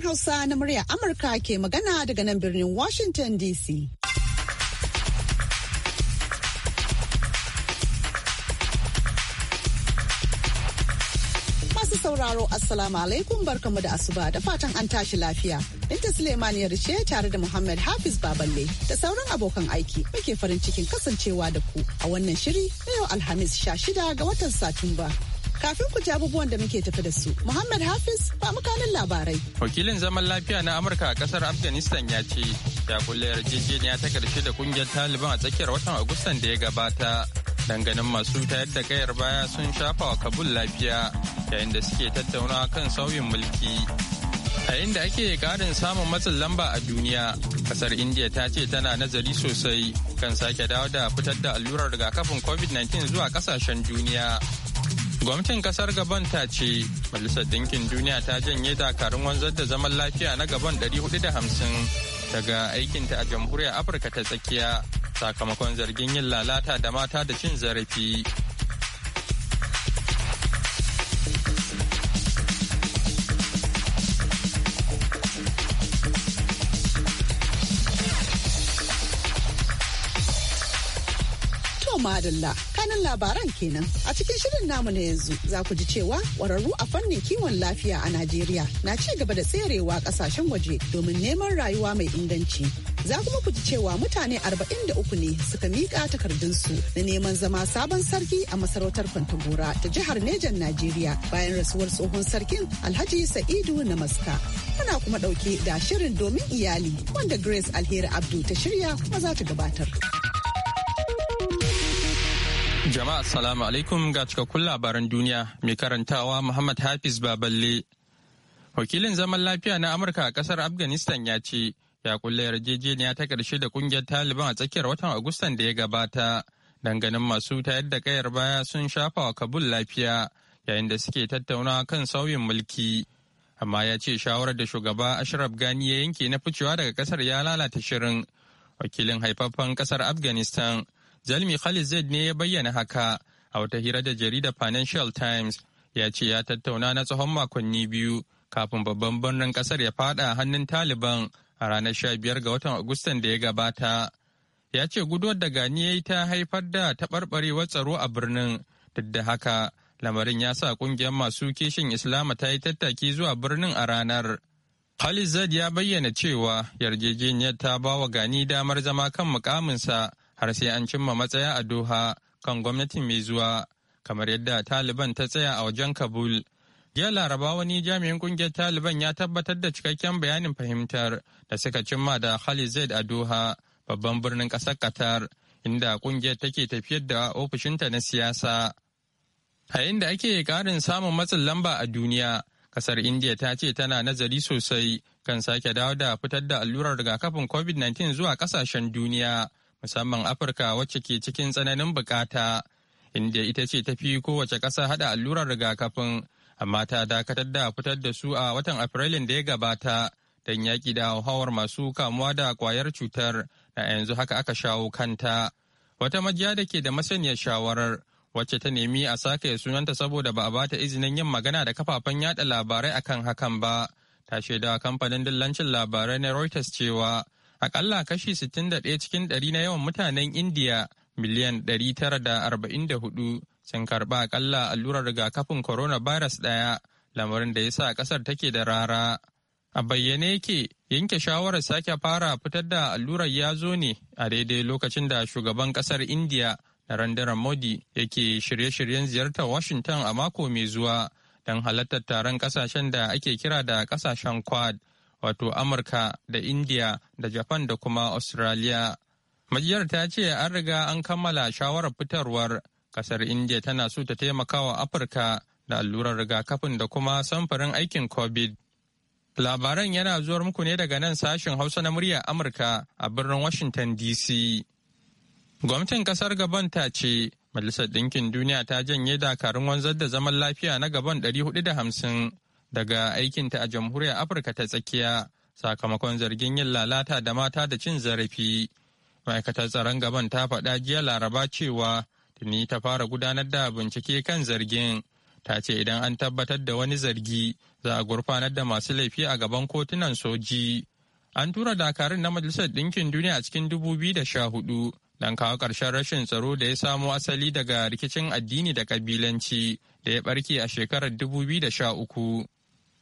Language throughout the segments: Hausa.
sashen Hausa na murya Amurka ke magana daga nan birnin Washington DC. Masu sauraro Assalamu alaikum barkamu da asuba da fatan an tashi lafiya. inta Suleiman Yarce tare da Muhammad Hafiz Baballe da sauran abokan aiki muke farin cikin kasancewa da ku a wannan shiri na yau Alhamis 16 ga watan Satumba. Kafin ku ji abubuwan da muke tafi da su, Muhammad Hafiz ba mukanin labarai. Wakilin zaman lafiya na Amurka a kasar Afghanistan ya ce, ya kulle yarjejeniya ta karshe da kungiyar Taliban a tsakiyar watan Agustan da ya gabata. Danganin masu tayar da kayar baya sun shafa wa Kabul lafiya yayin da suke tattaunawa kan sauyin mulki. A inda ake karin samun matsin lamba a duniya, kasar India ta ce tana nazari sosai kan sake dawo da fitar da allurar rigakafin COVID-19 zuwa kasashen duniya. Gwamnatin kasar Gabon ta ce Majalisar Dinkin Duniya ta janye dakarun wanzar da zaman lafiya na Gabon 450 daga aikinta a Jamhuriyar Afirka ta tsakiya sakamakon zargin yin lalata da mata da cin zarafi. Madalla kanin labaran kenan a cikin shirin namu na yanzu za ku ji cewa ƙwararru a fannin kiwon lafiya a Najeriya na ci gaba da tserewa ƙasashen waje domin neman rayuwa mai inganci. Za kuma ku ji cewa mutane 43 ne suka miƙa takardunsu na neman zama sabon sarki a masarautar Kwantagora ta jihar Nejan Najeriya bayan rasuwar tsohon sarkin Alhaji Sa'idu na Maska. Muna kuma ɗauke da shirin domin iyali wanda Grace Alheri Abdu ta shirya kuma za ta gabatar. Jama'a salamu alaikum ga cikakkun labaran duniya mai karantawa Muhammad Hafiz Baballe. Wakilin zaman lafiya na Amurka a kasar Afghanistan ya ce ya kulle yarjejeniya ta ƙarshe da ƙungiyar Taliban a tsakiyar watan Agustan da ya gabata. Danganin masu tayar da kayar baya sun shafa wa Kabul lafiya yayin da suke tattaunawa kan sauyin mulki. Amma ya ce shawarar da shugaba Ashraf Gani ya yanke na ficewa daga kasar ya lalata shirin. Wakilin haifaffen kasar Afghanistan Zalmi Khalid Zaid ne ya bayyana haka a wata hira da jarida Financial Times ya ce ya tattauna na tsawon makonni biyu kafin babban birnin kasar ya fada hannun Taliban a ranar sha biyar ga watan Agustan da ya gabata. Ya ce guduwar da gani ya yi ta haifar da taɓarɓarewar tsaro a birnin duk da haka lamarin ya sa ƙungiyar masu kishin Islama ta yi tattaki zuwa birnin a ranar. Khalid Zaid ya bayyana cewa yarjejeniyar ta ba wa gani damar zama kan mukaminsa har sai an cimma matsaya a Doha kan gwamnatin mai zuwa kamar yadda Taliban ta tsaya a wajen Kabul. Jiya Laraba wani jami'in kungiyar Taliban ya tabbatar da cikakken bayanin fahimtar da suka cimma da Khalid Zaid a Doha, babban birnin ƙasar Qatar, inda kungiyar take tafiyar da ofishinta na siyasa. A inda ake ƙarin samun matsin lamba a duniya, ƙasar India ta ce tana nazari sosai kan sake dawo da fitar da allurar rigakafin COVID-19 zuwa ƙasashen duniya. musamman Afirka wacce ke cikin tsananin bukata, inda ita ce tafi kowace ƙasa haɗa allurar rigakafin, amma ta dakatar da fitar da su a watan Afrilun da ya gabata don yaƙi da hauhawar masu kamuwa da ƙwayar cutar na yanzu haka aka shawo kanta. Wata majiya da ke da masaniyar shawarar wacce ta nemi a sake sunanta saboda ba a bata izinin yin magana da kafafen yada labarai akan hakan ba. Ta shaida kamfanin dillancin labarai na Reuters cewa Akalla kashi 61 cikin ɗari na yawan mutanen Indiya miliyan 944 sun karɓa akalla allurar rigakafin coronavirus ɗaya lamarin da ya sa ƙasar take da rara. A bayyane yake yanke shawarar sake fara fitar da allurar ya zo ne a daidai lokacin da shugaban ƙasar Indiya Narendra Modi yake shirye-shiryen ziyartar Washington a mako mai zuwa don halartar taron ƙasashen da ake kira da ƙasashen Quad wato Amurka da India da Japan da kuma Australia. Majiyar ta ce an riga an kammala shawarar fitarwar kasar India tana so ta taimaka wa Afirka da allurar rigakafin da kuma samfurin aikin COVID. Labaran yana zuwar muku ne daga nan sashen Hausa na muryar Amurka a birnin Washington DC. Gwamnatin kasar Gabon ta ce Majalisar Ɗinkin Duniya ta janye dakarun wanzar da zaman lafiya na Gabon 450 daga aikinta a jamhuriyar Afirka ta tsakiya sakamakon zargin yin lalata da mata da cin zarafi. Ma'aikatar tsaron gaban ta faɗa jiya laraba cewa tuni ta fara gudanar da bincike kan zargin. Ta ce idan an tabbatar da wani zargi za a gurfanar da masu laifi a gaban kotunan soji. An tura dakarun na Majalisar Ɗinkin Duniya a cikin 2014 don kawo ƙarshen rashin tsaro da ya samo asali daga rikicin addini da ƙabilanci da ya ɓarke a shekarar 2013.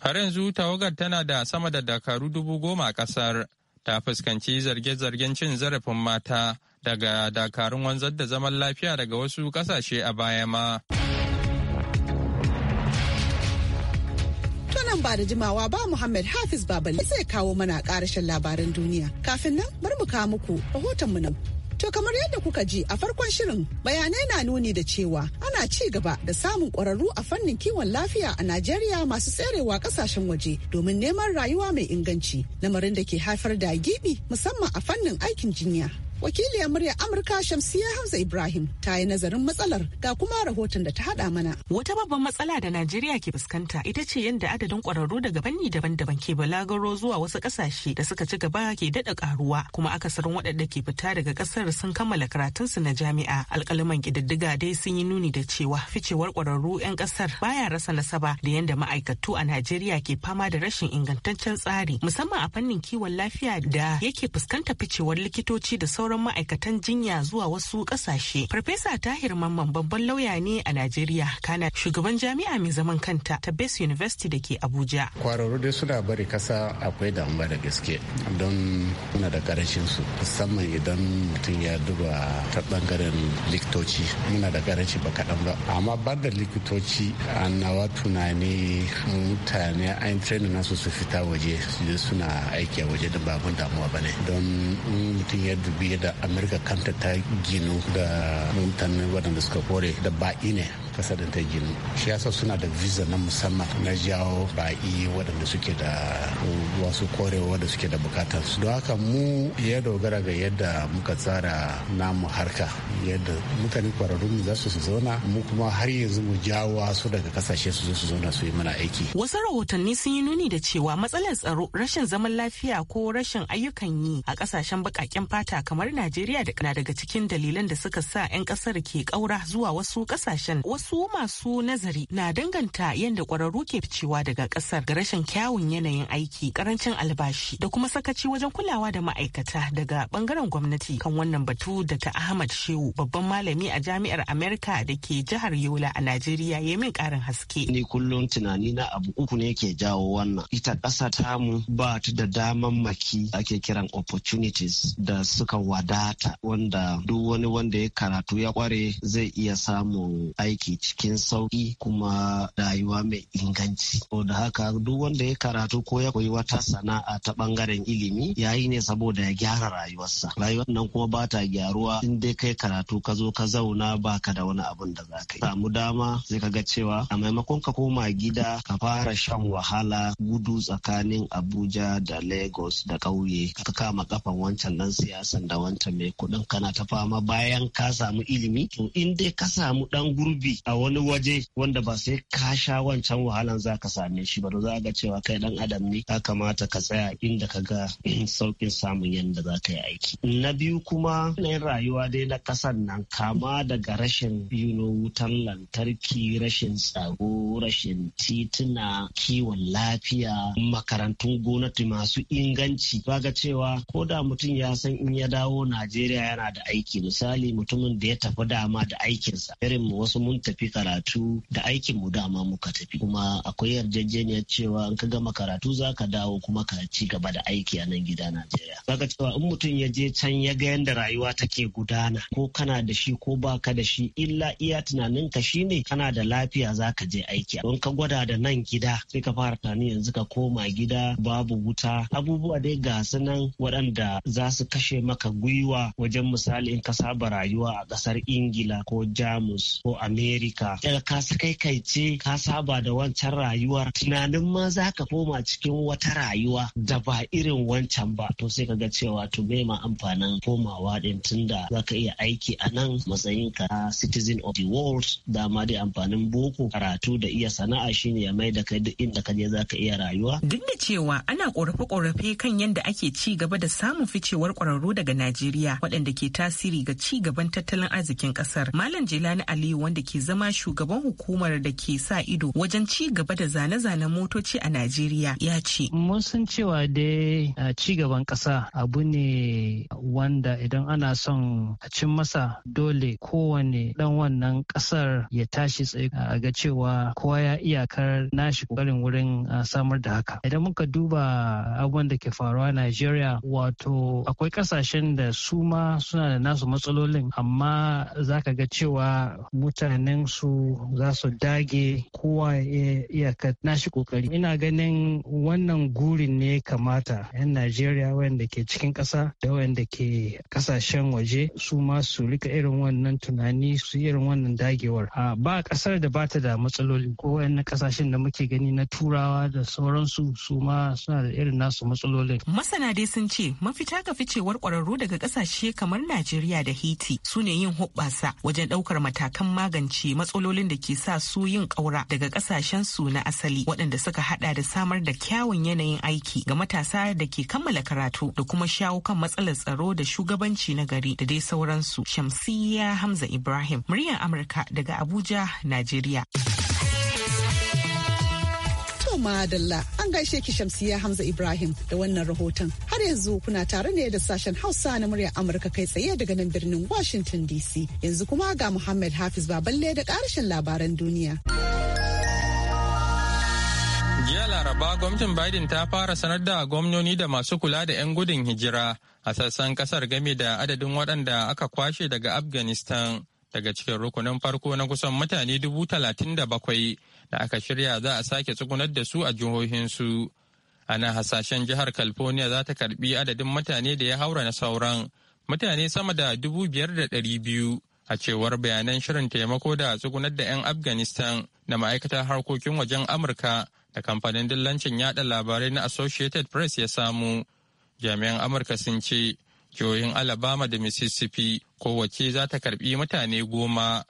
Har yanzu tawagar tana da sama da dakaru dubu goma a kasar ta fuskanci zarge-zargen cin zarafin mata daga dakarun wanzar da zaman lafiya daga wasu kasashe a baya ma. tunan ba da jimawa ba Muhammad Hafiz Babal zai kawo mana ƙarashin labaran duniya. Kafin nan, bar mu kawo muku rahoton mu nan. To kamar yadda kuka ji a farkon shirin bayanai na nuni da cewa ana ci gaba da samun ƙwararru a fannin kiwon lafiya a Najeriya masu tserewa kasashen waje domin neman rayuwa mai inganci, lamarin da ke haifar da gibi musamman a fannin aikin jinya. wakiliyar muryar amurka shamsiya hamza ibrahim ta yi nazarin matsalar ga kuma rahoton da ta hada mana wata babban matsala da najeriya ke fuskanta ita ce yadda adadin kwararru daga banni daban-daban ke balagaro zuwa wasu kasashe da suka ci gaba ke daɗa karuwa kuma akasarin waɗanda ke fita daga ƙasar sun kammala karatunsu na jami'a alkalaman kididdiga dai sun yi nuni da cewa ficewar kwararru 'yan kasar baya rasa nasaba da yadda ma'aikatu a najeriya ke fama da rashin ingantaccen tsari musamman a fannin kiwon lafiya da yake fuskanta ficewar likitoci da sauran sauran ma'aikatan jinya zuwa wasu ƙasashe. Farfesa Tahir Mamman babban lauya ne a Najeriya kana shugaban jami'a mai zaman kanta ta Base University da ke Abuja. Kwararru dai suna bari kasa akwai damuwa da gaske don muna da karancin su musamman idan mutum ya duba ta bangaren likitoci muna da karanci ba kaɗan ba amma ba da likitoci a nawa tunani mutane an training nasu su fita waje su je suna aiki a waje da babun damuwa ba ne don mutum ya dubi da amurka kanta ta ginu da mutane waɗanda suka kore da baƙi ne kasa da ta gini shi yasa suna da visa na musamman na jawo baƙi waɗanda suke da wasu korewa da suke da bukatar su don haka mu ya dogara ga yadda muka tsara namu harka yadda mutane kwararrun mu za su su zauna mu kuma har yanzu mu jawo su daga kasashe su su zauna su yi mana aiki wasu rahotanni sun yi nuni da cewa matsalar tsaro rashin zaman lafiya ko rashin ayyukan yi a kasashen baƙaƙen fata kamar najeriya da daga cikin dalilan da suka sa 'yan ƙasar ke ƙaura zuwa wasu ƙasashen wasu Wasu masu nazari na danganta yadda kwararru ke ficewa daga ƙasar ga rashin kyawun yanayin aiki, karancin albashi da kuma sakaci wajen kulawa da ma'aikata daga ɓangaren gwamnati kan wannan batu da ta Ahmad Shehu babban malami a jami'ar Amerika da ke jihar Yola a Najeriya ya min karin haske. Ni kullum tunani na abu uku ne ke jawo wannan. Ita ƙasa tamu ba ta da damammaki ake kiran opportunities da suka wadata wanda duk wani wanda ya karatu ya kware zai iya samun aiki cikin sauki kuma rayuwa mai inganci. da haka duk wanda ya karatu ko ya koyi wata sana'a ta bangaren ilimi ya yi ne saboda ya gyara rayuwarsa. Rayuwar nan kuma ba ta gyaruwa in dai kai karatu ka zo ka zauna ba ka da wani abun da za ka yi. Samu dama sai ka ga cewa a maimakon ka koma gida ka fara shan wahala gudu tsakanin Abuja da Lagos da ƙauye ka kama kafan wancan nan siyasan da wancan mai kuɗin kana ta fama bayan ka samu ilimi to in dai ka samu ɗan gurbi a wani waje wanda ba sai ka sha wancan wahalan za ka same shi ba za ga cewa kai dan adam ne ya kamata ka tsaya inda ka ga saukin samun yadda za ka yi aiki na biyu kuma yanayin rayuwa dai na kasan nan kama daga rashin yuno wutan lantarki rashin tsaro rashin tituna kiwon lafiya makarantun gwamnati masu inganci Ba ga cewa ko da mutum ya san in ya dawo najeriya yana da aiki misali mutumin da ya tafi dama da aikinsa irin wasu mun tafi karatu da aikin mu dama muka tafi kuma akwai yarjejeniyar cewa in ka gama karatu za ka dawo kuma ka ci gaba da aiki a nan gida Najeriya. Zaka cewa in mutum ya je can ya ga yadda rayuwa take gudana ko kana da shi ko ba ka da shi illa iya tunanin tunaninka shine kana da lafiya za ka je aiki. Don ka gwada da nan gida sai ka fara tani yanzu ka koma gida babu wuta abubuwa dai ga su nan waɗanda za su kashe maka gwiwa wajen misali in ka saba rayuwa a ƙasar Ingila ko Jamus ko Amerika. Amerika. Daga ka kai kai ce ka saba da wancan rayuwar tunanin ma za ka koma cikin wata rayuwa da ba irin wancan ba to sai ka ga cewa to bai ma amfanin komawa din tunda za ka iya aiki a nan matsayin ka citizen of the world dama dai amfanin boko karatu da iya sana'a shine ya mai da kai duk inda ka je za ka iya rayuwa. Duk da cewa ana korafe-korafe kan yanda ake ci gaba da samun ficewar kwararru daga Najeriya waɗanda ke tasiri ga ci gaban tattalin arzikin ƙasar. Malam Jelani Aliyu wanda ke zama shugaban hukumar da ke sa ido wajen ci gaba da zane-zanen motoci a Najeriya ya ce. Mun san cewa dai ci gaban ƙasa abu ne wanda idan ana son a cin masa dole kowane ɗan wannan ƙasar ya tashi tsaye a ga cewa kowa ya iyakar nashi ƙoƙarin wurin samar da haka. Idan muka duba abubuwan da ke faruwa a Najeriya wato akwai ƙasashen da su suna da nasu matsalolin amma za ka ga cewa mutanen su za su dage kowa ya nashi kokari ina ganin wannan gurin ne kamata 'yan najeriya wayanda ke cikin ƙasa da wayanda ke ƙasashen waje su ma su rika irin wannan tunani su irin wannan dagewar ba ƙasar da ba ta da matsaloli ko wayannan ƙasashen da muke gani na turawa da sauransu su ma suna da irin nasu matsalolin masana dai sun ce mafita ga ficewar ƙwararru daga ƙasashe kamar najeriya da haiti su ne yin hoɓɓasa wajen ɗaukar matakan magance magance matsalolin da ke sa su yin ƙaura daga ƙasashen su na asali waɗanda suka hada da samar da kyawun yanayin aiki ga matasa da ke kammala karatu da kuma shawo kan matsalar tsaro da shugabanci na gari da dai sauransu. Shamsiyya Hamza Ibrahim, muryar Amurka daga Abuja, Najeriya. dalla an gaishe ki Shamsiya Hamza Ibrahim da wannan rahoton. Har yanzu kuna tare ne da sashen Hausa na muryar Amurka kai tsaye daga nan birnin Washington DC. Yanzu kuma ga Muhammad Hafiz Baballe da karshen labaran duniya. Jiya Laraba gwamnatin Biden ta fara sanar da gwamnoni da masu kula da 'yan gudun hijira a sassan kasar game da adadin waɗanda aka kwashe daga Afghanistan. daga cikin rukunin farko na kusan mutane dubu talatin da bakwai da aka shirya za a sake tsugunar da su a jihohinsu. Ana hasashen jihar California za ta karbi adadin mutane da ya haura na sauran mutane sama da dubu biyar da ɗari biyu a cewar bayanan shirin taimako da tsugunar da 'yan Afghanistan da ma'aikatar harkokin wajen Amurka da kamfanin dillancin yada labarai na Associated Press ya samu. Jami'an Amurka sun ce jihohin alabama da mississippi kowace za ta karbi mutane goma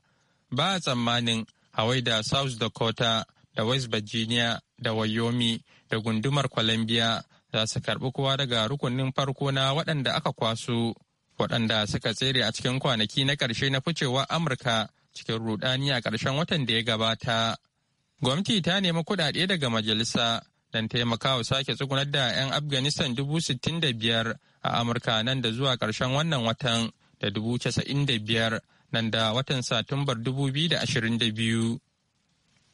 ba a tsammanin hawaii da south dakota da west virginia da wayomi da gundumar columbia za su karbi kowa daga rukunin farko na waɗanda aka kwaso waɗanda suka tsere a cikin kwanaki na ƙarshe na ficewa amurka cikin rudani a ƙarshen watan da ya gabata gwamnati ta nemi kuɗaɗe daga majalisa don taimakawa sake tsugunar da 'yan afghanistan dubu sittin da biyar a Amurka nan da zuwa ƙarshen wannan watan da dubu casa'in da biyar nan da watan Satumbar dubu biyu da ashirin da biyu.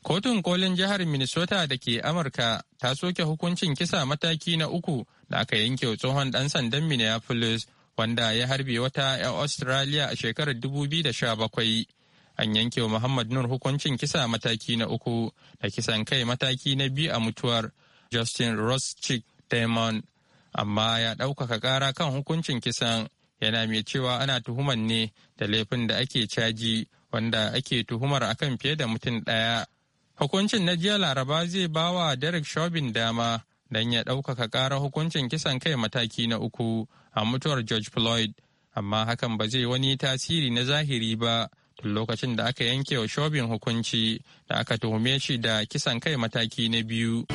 Kotun kolin jihar Minnesota da ke Amurka ta soke hukuncin kisa mataki na uku da aka yanke tsohon ɗan sandan Minneapolis wanda ya harbe wata 'yan Australia a shekarar bakwai An yanke wa Muhammad Nur hukuncin kisa mataki na uku da kisan kai mataki na biyu a mutuwar Justin Roschik diamond amma ya ɗaukaka ƙara kan hukuncin kisan yana mai cewa ana tuhumar ne da laifin da ake caji wanda ake tuhumar akan fiye da mutum ɗaya. Hukuncin na jiya Laraba zai ba wa Derek Chauvin dama don ya ɗaukaka ƙara hukuncin kisan kai mataki na uku a mutuwar George Floyd, amma hakan ba zai wani tasiri na zahiri ba tun lokacin da aka yanke wa Chauvin hukunci da aka tuhume shi da kisan kai mataki na biyu.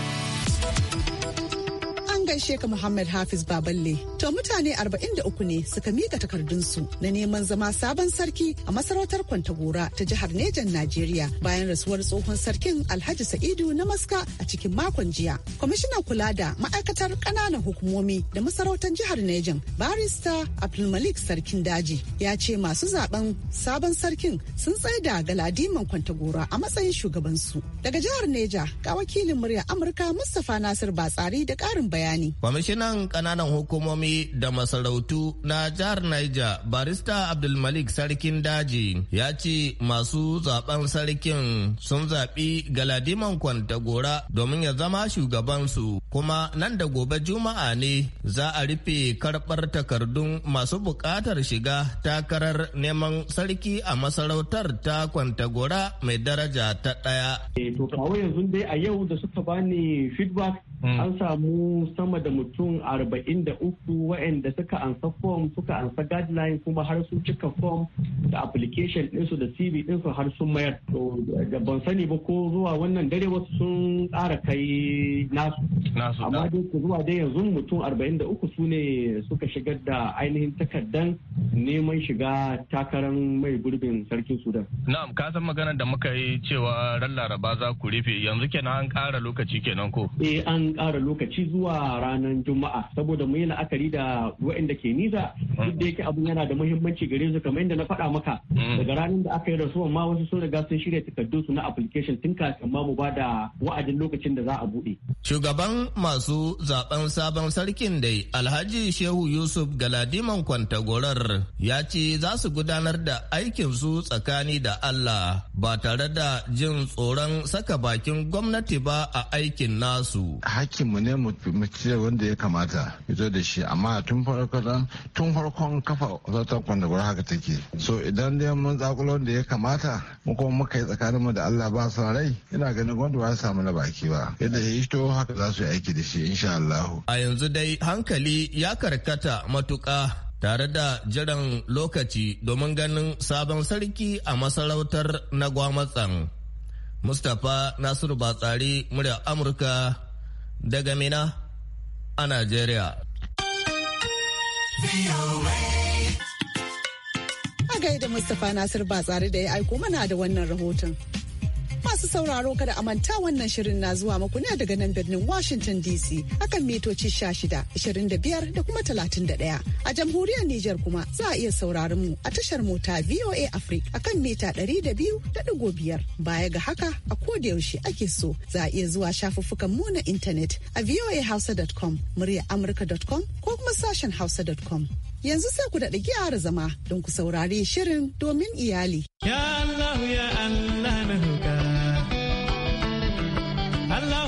gaishe ka Muhammad Hafiz Baballe. To mutane 43 ne suka mika takardunsu na neman zama sabon sarki a masarautar Kwantagora ta jihar Nejan Najeriya bayan rasuwar tsohon sarkin Alhaji Sa'idu na Maska a cikin makon jiya. Kwamishinan kula da ma'aikatar ƙananan hukumomi da masarautar jihar Nejan Barista Abdulmalik Sarkin Daji ya ce masu zaben sabon sarkin sun tsaida Galadiman Kwantagora a matsayin shugabansu. Daga jihar Neja ga wakilin murya Amurka Mustapha Nasir Batsari da ƙarin bayani. ne. Kwamishinan ƙananan hukumomi da masarautu na jihar Niger barista Abdulmalik sarkin daji ya ce masu zaben sarkin sun zaɓi Galadiman Kwantagora domin ya zama shugabansu kuma nan da gobe Juma'a ne za a rufe karɓar takardun masu buƙatar shiga takarar neman sarki a masarautar ta Kwantagora mai daraja ta ɗaya. Eh, to a yau da suka bani feedback hmm. an samu sama da mutum 43 waɗanda suka ansa form suka ansa guideline kuma har sun cika form da application ɗinsu da cv ɗinsu har sun mayar da ban sani ba ko zuwa wannan dare wasu sun ƙara kai nasu amma dai ku zuwa dai yanzu mutum 43 su ne suka shigar da ainihin takardan neman shiga takarar mai gurbin sarkin sudan na'am ka san maganar da muka yi cewa ran laraba za ku rufe yanzu kenan an ƙara lokaci kenan ko eh an ƙara lokaci zuwa ranar juma'a saboda mu yi la'akari da wa'inda ke nisa duk da yake abin yana da muhimmanci gare su kamar yadda na faɗa maka mm. daga ranar da aka yi rasuwan ma wasu sun riga sun shirya takardun su na application tun kafin ma mu ba da wa'adin lokacin da za a buɗe. shugaban masu zaben sabon sarkin dai alhaji shehu yusuf galadiman kwantagorar ya ce za su gudanar da aikin su tsakani da allah ba tare da jin tsoron saka bakin gwamnati ba a aikin nasu. hakinmu ne mu ci ce wanda ya kamata fito da shi amma tun farkon tun farkon kafa zartar kwandagwar haka take so idan dai mun zakulo wanda ya kamata mu kuma muka yi tsakanin mu da Allah ba sa rai ina ganin wanda ba samu na baki ba yadda ya to haka za su yi aiki da shi insha Allah a yanzu dai hankali ya karkata matuka tare da jiran lokaci domin ganin sabon sarki a masarautar na gwamatsan. Mustapha Nasiru Batsari murya Amurka daga Mina a Najeriya. A gaida Mustapha Nasir tsari da ya aiko mana da wannan rahoton. Masu sauraro kada a manta wannan shirin na zuwa muku ne daga nan birnin Washington DC akan mitoci 16, 25 da kuma 31. A jamhuriyar Nijar kuma za a iya sauraron mu a tashar mota VOA Africa akan mita 200.5. Baya ga haka a koda yaushe ake so za a iya zuwa shafuffukan mu na intanet a voahausa.com, murya amurka.com ko kuma sashen hausa.com. Yanzu sai ku daɗa gyara zama don ku saurari shirin domin iyali. Ya Allah ya Allah.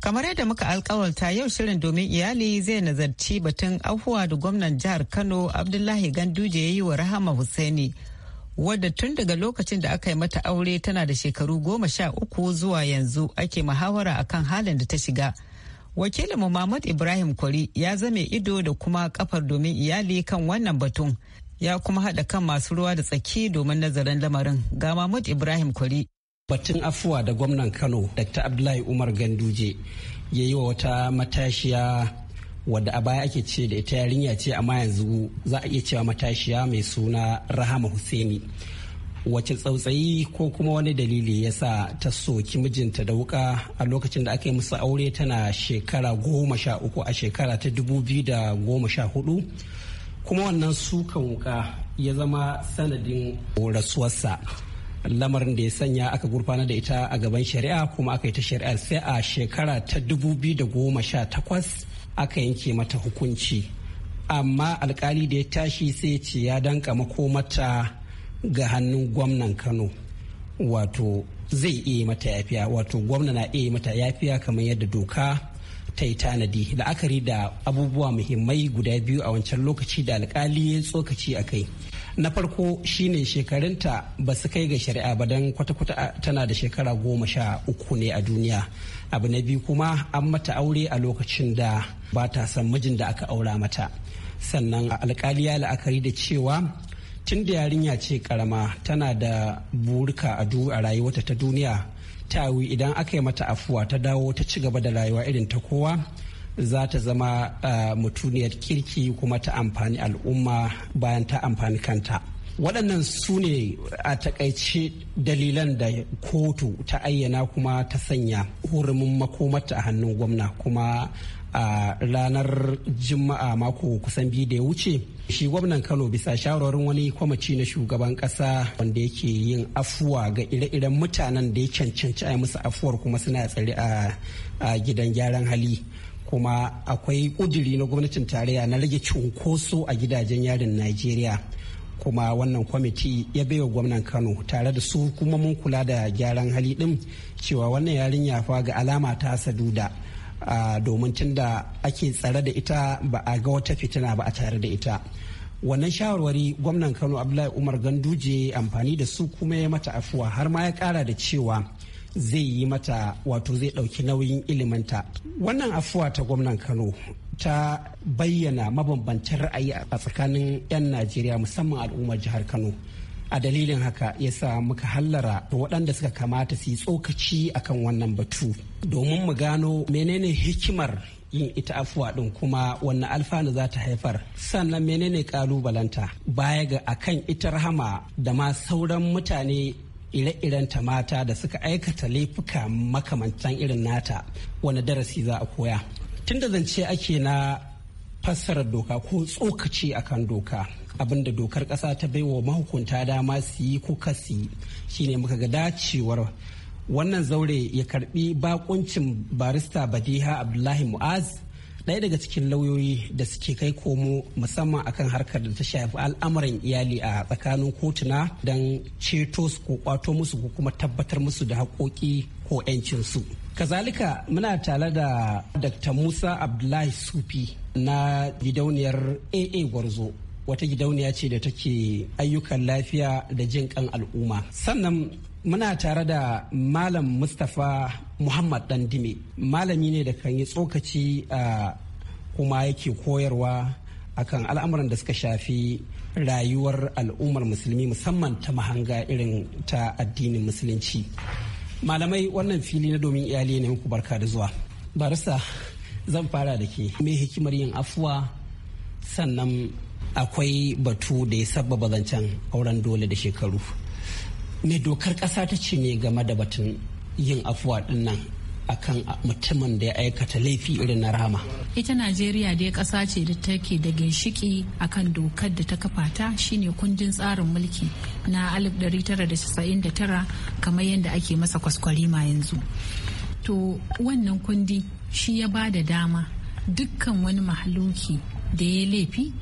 Kamar yadda muka alkawarta yau shirin domin iyali zai nazarci batun afuwa da gwamnan jihar Kano Abdullahi Ganduje ya yi wa Rahama Hussaini wadda tun daga lokacin da aka yi mata aure tana da shekaru goma sha uku zuwa yanzu ake muhawara akan halin da ta shiga. Wakilin mahmud Ibrahim Kwari ya zame ido da kuma kafar domin iyali kan wannan batun ya kuma haɗa kan masu ruwa da tsaki domin nazarin lamarin ga Mahmud Ibrahim Kwari batun afuwa da gwamnan kano dr abdullahi umar ganduje ya yi wa wata matashiya wadda a baya ake ce da ita yarinya ce amma yanzu za a iya cewa matashiya mai suna rahama Hussaini wace tsautsayi ko kuma wani dalili ya sa ta soki mijinta da wuka a lokacin da aka yi musu aure tana shekara goma sha uku a shekara ta dubu biyu da goma sha hudu kuma wannan sukan wuka ya zama sanadin rasuwarsa lamarin da ya sanya aka gurfana da ita a gaban shari'a kuma aka yi ta shari'a sai a shekara ta dubu biyu da goma sha takwas aka yanke mata hukunci amma alkali da ya tashi sai ce ya danka mako mata ga hannun gwamnan kano wato zai iya mata yafiya wato gwamna na iya mata yafiya kamar yadda doka ta yi tanadi la'akari da abubuwa muhimmai guda biyu a wancan lokaci da alkali ya tsokaci a kai na farko shine shekarunta ba su kai ga shari'a ba don kwata-kwata tana da shekara goma sha uku ne a duniya abu na biyu kuma an mata aure a lokacin da ba ta san mijin da aka aura mata sannan alkali ya la'akari da cewa tun da yarinya ce karama tana da burika a rayuwarta ta duniya ta idan aka yi mata afuwa ta dawo ta ci gaba da rayuwa irin ta kowa za ta zama mutuniyar kirki kuma ta amfani al'umma bayan ta amfani kanta waɗannan su ne a takaice dalilan da kotu ta ayyana kuma ta sanya hurumin makomata a hannun gwamna kuma a ranar juma'a mako kusan biyu da ya wuce shi gwamnan kano bisa shawarwarin wani kwamaci na shugaban kasa wanda yake yin afuwa ga ire-iren mutanen da ya cancanci a musu afuwar kuma suna tsare a gidan gyaran hali kuma akwai ƙudiri na gwamnatin tarayya na rage cunkoso a gidajen yarin najeriya kuma wannan kwamiti ya baiwa gwamnan kano tare da su kuma mun kula da gyaran hali din cewa wannan yarinya fa ga alama ta saduda domin tun da ake tsare da ita ba a ga wata fitina ba a tare da ita wannan shawarwari gwamnan kano abdullahi umar ganduje amfani da su kuma ya mata afuwa har ma ya kara da cewa zai yi mata wato zai ɗauki nauyin iliminta wannan afuwa ta gwamnan kano ta bayyana mabambantan ra'ayi a tsakanin 'yan najeriya musamman al'ummar jihar kano a dalilin haka ya sa muka hallara waɗanda suka kamata su yi tsokaci akan wannan batu domin mu gano menene hikimar yin ita afuwa ɗin kuma wanne alfanu za ta haifar sannan menene ƙalubalanta baya ga akan ita rahama da ma sauran mutane ire-iren ta mata da suka aikata laifuka makamantan irin nata wani darasi za a koya tun da zance ake na fassara doka ko tsokaci akan doka abinda dokar kasa ta baiwa mahukunta dama su yi ko kasi shine muka ga dacewar wannan zaure ya karbi bakuncin barista badiha abdullahi mu'az ɗaya daga cikin lauyoyi da suke kai komo musamman akan harkar da ta shafi al'amarin iyali a tsakanin kotuna don ceto su ko kwato musu ko kuma tabbatar musu da haƙoƙi ko 'yancinsu. kazalika muna tare da dr musa abdullahi sufi na gidauniyar aa gwarzo wata gidauniya ce da take ayyukan lafiya da jin kan al'umma sannan muna tare da malam mustapha muhammad Dan Dime malami ne da kan yi tsokaci a kuma yake koyarwa akan al'amuran da suka shafi rayuwar al'ummar musulmi musamman ta mahanga irin ta addinin musulunci malamai wannan fili na domin iyali ne muku barka da zuwa barista zan fara da ke mai hikimar yin afuwa sannan akwai batu da ya sabbaba zancen auren dole da shekaru me dokar ƙasa ta ce ne game da batun yin afuwa din nan akan mutumin da ya aikata laifi irin na rama. Ita Najeriya dai ƙasa ce da take da ginshiki kan dokar da ta kafa ta shine kundin tsarin mulki na 1999 kamar yadda ake masa kwaskwari ma yanzu. To wannan kundi shi ya ba da dama dukkan wani mahaluki da ya laifi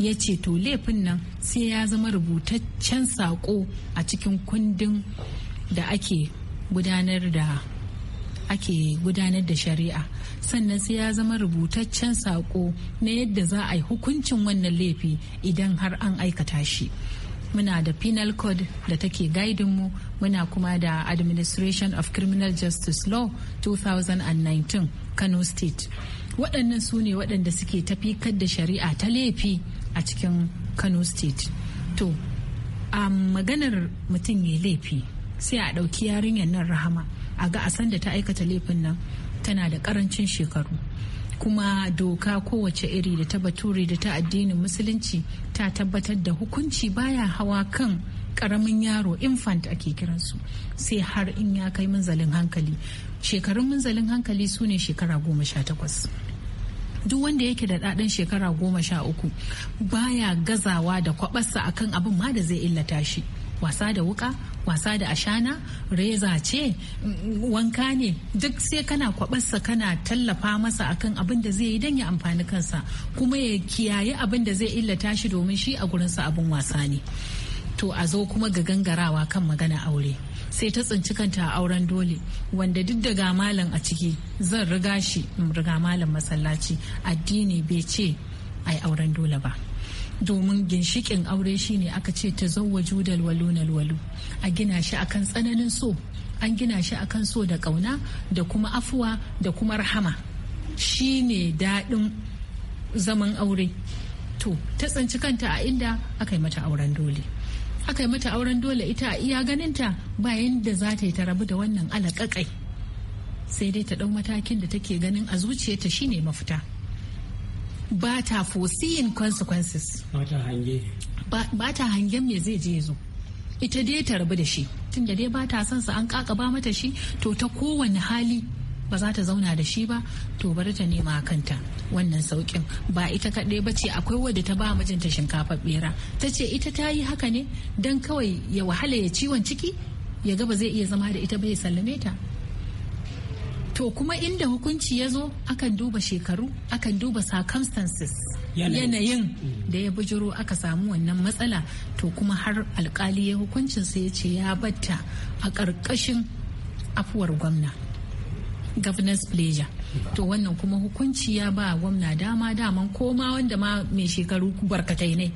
ya ce to laifin nan sai ya zama rubutaccen saƙo a cikin kundin da ake gudanar da ake gudanar da shari'a sannan sai ya zama rubutaccen sako na yadda za a yi hukuncin wannan laifi idan har an aikata shi muna da penal code da take mu muna kuma da administration of criminal justice law 2019 kano state waɗannan su ne waɗanda suke tafikar da shari'a ta laifi a cikin kano state to a maganar mutum ya laifi sai a ɗauki yarinyar nan rahama a ga a san da ta aikata laifin nan tana da karancin shekaru kuma doka kowace iri da ta bature da ta addinin musulunci ta tabbatar da hukunci baya hawa kan karamin yaro infant ake kiransu sai har in ya kai munzalin hankali shekarun munzalin hankali su ne shekara goma sha takwas duk wanda yake da ɗaɗin shekara goma sha uku baya gazawa da kwabarsa akan abin ma da zai illata shi wasa da wuka wasa da ashana reza ce wanka ne duk sai kana kwabarsa kana tallafa masa akan abin da zai yi don ya amfani kansa kuma ya kiyaye abin da zai illata shi domin shi a gurinsa abin wasa ne to a zo kuma ga gangarawa kan magana aure sai ta tsinci kanta a auren dole wanda duk daga malam a ciki zan riga shi riga malam masallaci addini bai ce ai auren dole ba domin ginshikin aure shine aka ce ta zauwa judal walu nalwalu a gina shi akan tsananin so an gina shi akan so da kauna da kuma afuwa da kuma rahama Shi ne daɗin zaman aure to ta tsanci kanta a inda aka yi mata auren dole aka yi mata auren dole ita a iya ganinta bayan da za ta yi ta rabu da wannan alaƙaƙai sai dai ta ɗau matakin da take ganin a zuciyarta shine mafita ba ta foreseeing consequences ba ta hange ba ta hangen me zai je zo ita dai ta rabu da shi tun da dai ba ta son sa an ba mata shi to ta kowane hali ba za ta zauna da shi ba to bari ta nema kanta wannan saukin ba ita kaɗai ba ce akwai wadda ta ba mijinta shinkafa bera ta ce ita ta yi haka ne don kawai ya wahala ya ciwon ciki ya ga ba zai iya zama da ita ba ya sallame ta to kuma inda hukunci ya zo akan duba shekaru akan duba circumstances yanayin mm. da ya bijiro aka samu wannan matsala to kuma har alkali ya hukuncin sai ya ce ya batta a ƙarƙashin afuwar gwamna governance pleasure mm. to wannan kuma hukunci ya ba gwamna dama daman koma wanda ma mai shekaru barkatai ne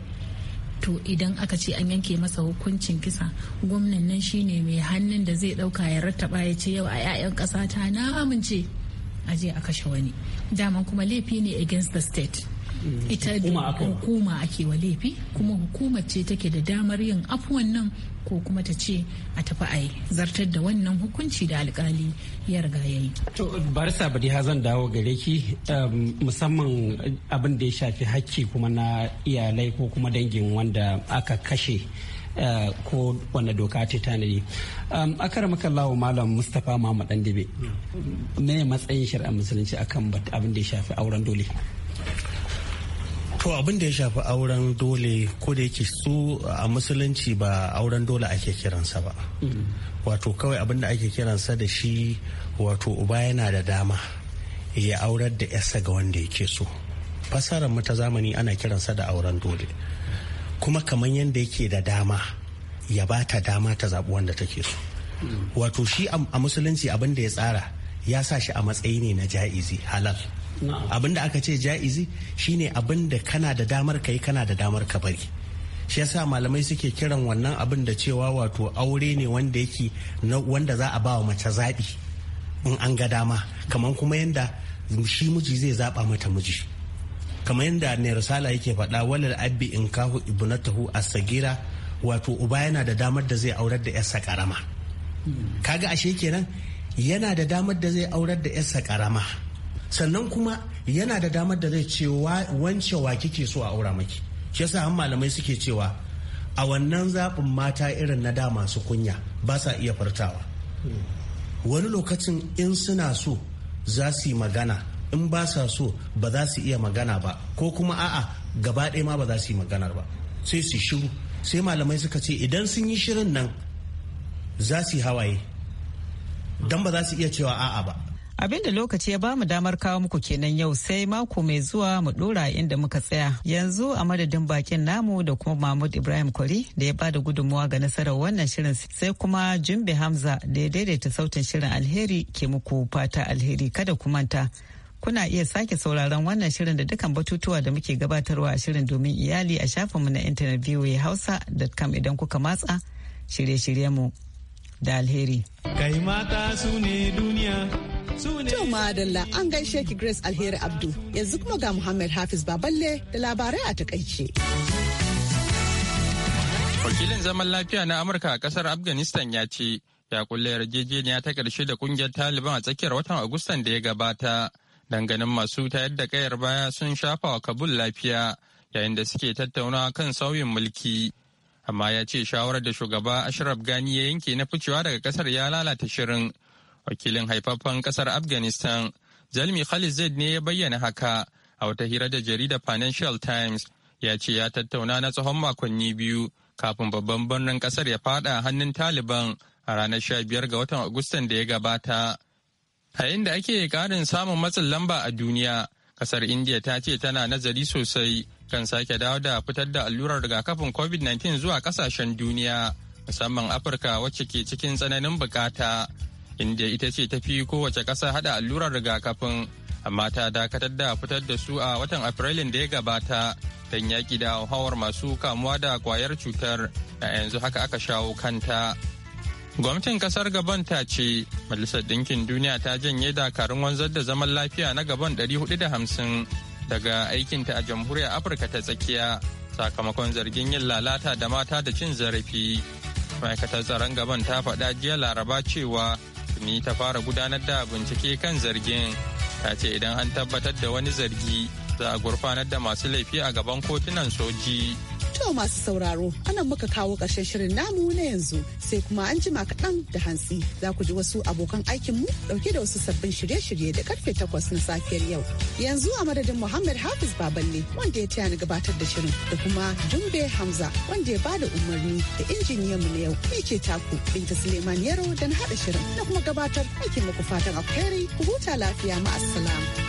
to idan aka ce an yanke masa hukuncin kisa gwamnan nan shine mai hannun da zai dauka ya rattaba ya ce yau a 'ya'yan ƙasata, ta na amince a je a kashe wani daman kuma laifi ne against the state ita hukuma ake wa laifi kuma hukuma ce take da damar yin afuwan nan ko kuma ta ce a tafi a zartar da wannan hukunci da alkali ya riga ya yi. To barisa bari ha zan dawo gare ki musamman abin da ya shafi hakki kuma na iyalai ko kuma dangin wanda aka kashe eh, ko wanda doka ta tanadi. A kara maka lawo malam Mustapha Mahmud Dandabe. ne hmm. matsayin shari'a musulunci akan abin da ya shafi auren dole? To abin da ya shafi auren dole ko da yake su a musulunci ba auren dole ake kiransa ba. Mm-hmm. Wato kawai abin da ake kiransa da shi wato uba yana da dama ya aurar da yasa ga wanda yake so. Fasarar mu ta zamani ana kiransa da auren dole. Kuma kamar yadda yake da dama ya ba ta dama ta zaɓi wanda take so. Mm. Wato shi a musulunci abin da ya tsara ya sa shi a matsayi ne na ja'izi halal. abin da aka ce ja'izi shine abin da kana da damar ka yi kana da damar ka bari shi yasa malamai suke kiran wannan abin da cewa wato aure ne wanda yake wanda za a ba wa mace zaɓi in an ga dama kamar kuma yanda shi miji zai zaɓa mata miji kamar yadda ne risala yake faɗa walal abbi in kahu ibnatahu asagira wato uba yana da damar da zai aurar da yarsa karama hmm. kaga ashe kenan yana da damar da zai aurar da yarsa karama sannan kuma yana da damar da zai ce wance wa kike so a aura maki shi yasa han malamai suke cewa a wannan zaɓin mata irin na da masu kunya ba sa iya fartawa. wani lokacin in suna so za su yi magana in ba sa so ba za su iya magana ba ko kuma a'a gaba ɗaya ma ba za su yi maganar ba sai su shiru sai malamai suka ce idan sun yi shirin nan za su yi hawaye don ba za su iya cewa a'a ba Abinda lokaci ya bamu damar kawo muku kenan yau sai mako mai zuwa mu dora inda muka tsaya. Yanzu a madadin bakin namu da kuma Mahmud Ibrahim Kwari da ya bada gudunmuwa ga nasarar wannan shirin sai kuma jimbe Hamza da ya daidaita sautin shirin alheri ke muku fata alheri kada ku manta. Kuna iya sake sauraron wannan shirin da dukkan batutuwa da muke gabatarwa a shirin domin iyali a shafinmu na intanet hausa da kam idan kuka matsa shirye-shiryenmu da alheri. Kai mata su ne duniya To madalla an gaishe ki Grace Alheri Abdu yanzu kuma ga Muhammad Hafiz Baballe da labarai a takaice. Wakilin zaman lafiya na Amurka a kasar Afghanistan ya ce ya kulle yarjejeniya ta karshe da kungiyar Taliban a tsakiyar watan Agustan da ya gabata. Danganin masu ta yadda kayar baya sun shafa wa Kabul lafiya yayin da suke tattauna kan sauyin mulki. Amma ya ce shawarar da shugaba Ashraf Gani ya yanke na ficewa daga kasar ya lalata shirin. wakilin haifaffen kasar afghanistan zalmi khalid zaid ne ya bayyana haka a wata hira da jarida financial times ya ce ya tattauna na tsawon makonni biyu kafin babban birnin kasar ya fada hannun taliban a ranar 15 ga watan agustan da ya gabata a inda ake karin samun matsin lamba a duniya kasar india ta ce tana nazari sosai kan sake dawo da fitar da allurar rigakafin covid-19 zuwa kasashen duniya musamman afirka wacce ke cikin tsananin bukata inda ita ce ta fi kowace ƙasa haɗa allurar rigakafin amma ta dakatar da fitar da su a watan afrilun da ya gabata don yaƙi da hauhawar masu kamuwa da kwayar cutar da yanzu haka aka shawo kanta gwamnatin kasar gabon ta ce majalisar ɗinkin duniya ta janye dakarun wanzar da zaman lafiya na gaban 450 daga aikinta a jamhuriyar afirka ta tsakiya sakamakon zargin yin lalata da mata da cin zarafi ma'aikatar tsaron gaban ta faɗa jiya laraba cewa rasmi ta fara gudanar da bincike kan zargin ta ce idan an tabbatar da wani zargi za a gurfanar da masu laifi a gaban kotunan soji. To masu sauraro, anan muka kawo ƙarshen shirin namu na yanzu sai kuma an jima kaɗan da hantsi za ku ji wasu abokan aikinmu ɗauke da wasu sabbin shirye-shirye da karfe takwas na safiyar yau. Yanzu a madadin Muhammad Hafiz Baballe wanda ya taya ni gabatar da shirin da kuma Jumbe Hamza wanda ya bada umarni da injiniyan mu na yau ni ce taku Binta Suleiman Yaro don haɗa shirin na kuma gabatar aikin muku fatan alheri ku huta lafiya ma